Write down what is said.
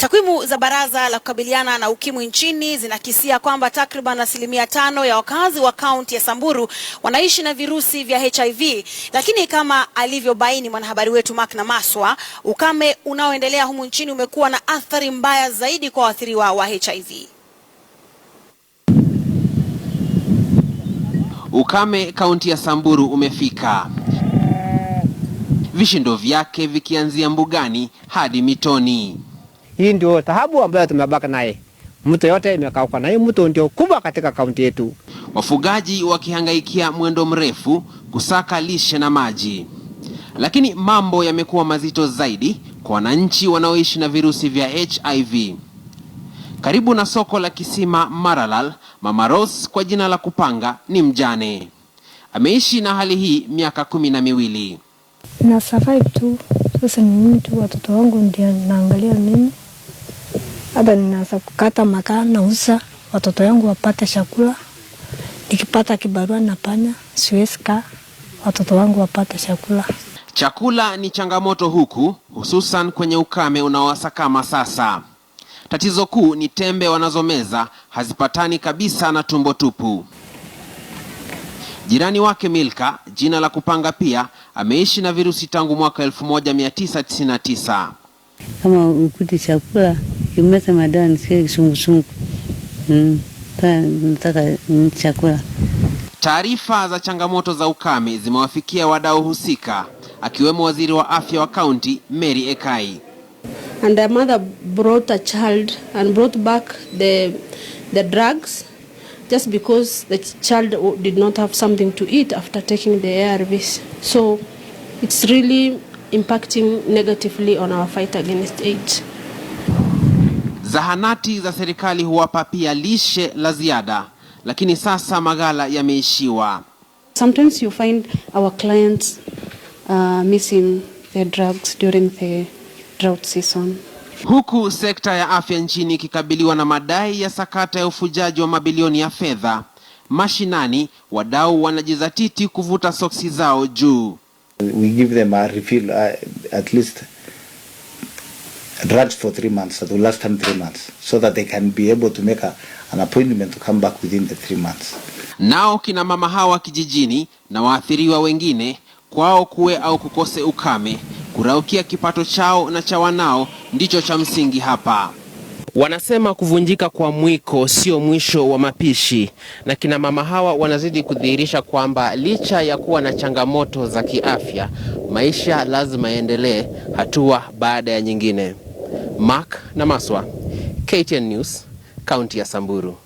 Takwimu za Baraza la Kukabiliana na Ukimwi nchini zinakisia kwamba takriban asilimia tano ya wakazi wa kaunti ya Samburu wanaishi na virusi vya HIV, lakini kama alivyobaini mwanahabari wetu Mark maswa ukame unaoendelea humu nchini umekuwa na athari mbaya zaidi kwa waathiriwa wa HIV. Ukame kaunti ya Samburu umefika, vishindo vyake vikianzia mbugani hadi mitoni. Hii ndio taabu ambayo tumebaka naye. Mto yote imekauka na hii mto ndio kubwa katika kaunti yetu. Wafugaji wakihangaikia mwendo mrefu kusaka lishe na maji. Lakini mambo yamekuwa mazito zaidi kwa wananchi wanaoishi na virusi vya HIV. Karibu na soko la Kisima Maralal, Mama Rose kwa jina la kupanga ni mjane. Ameishi na hali hii miaka kumi na miwili. Na survive tu. Sasa ni mimi tu watoto wangu ndio naangalia mimi labda ninaanza kukata makaa, nauza watoto yangu wapate chakula, nikipata kibarua napanya, siwezi kaa, watoto wangu wapate chakula. Chakula ni changamoto huku, hususan kwenye ukame unaowasakama sasa. Tatizo kuu ni tembe wanazomeza hazipatani kabisa na tumbo tupu. Jirani wake Milka, jina la kupanga pia, ameishi na virusi tangu mwaka 1999 kama ukuti chakula kimeza madawa nisikie kisungusungu mm. Nataka chakula. Taarifa za changamoto za ukame zimewafikia wadau husika akiwemo waziri wa afya wa kaunti Mary Ekai. And the mother brought a child and brought back the, the drugs just because the child did not have something to eat after taking the ARVs. So it's really impacting negatively on our fight against AIDS. Zahanati za serikali huwapa pia lishe la ziada, lakini sasa maghala yameishiwa. Sometimes you find our clients uh, missing their drugs during the drought season. Huku sekta ya afya nchini ikikabiliwa na madai ya sakata ya ufujaji wa mabilioni ya fedha, mashinani wadau wanajizatiti kuvuta soksi zao juu. We give them a refill, uh, at least drugs for three months, that will last them three months, so that they can be able to make a, an appointment to come back within the three months. Nao kina mama hawa kijijini na waathiriwa wengine, kwao kuwe au kukose ukame, kuraukia kipato chao na cha wanao ndicho cha msingi hapa. Wanasema kuvunjika kwa mwiko sio mwisho wa mapishi, na kina mama hawa wanazidi kudhihirisha kwamba licha ya kuwa na changamoto za kiafya, maisha lazima yaendelee, hatua baada ya nyingine. Mark na Maswa, KTN News, kaunti ya Samburu.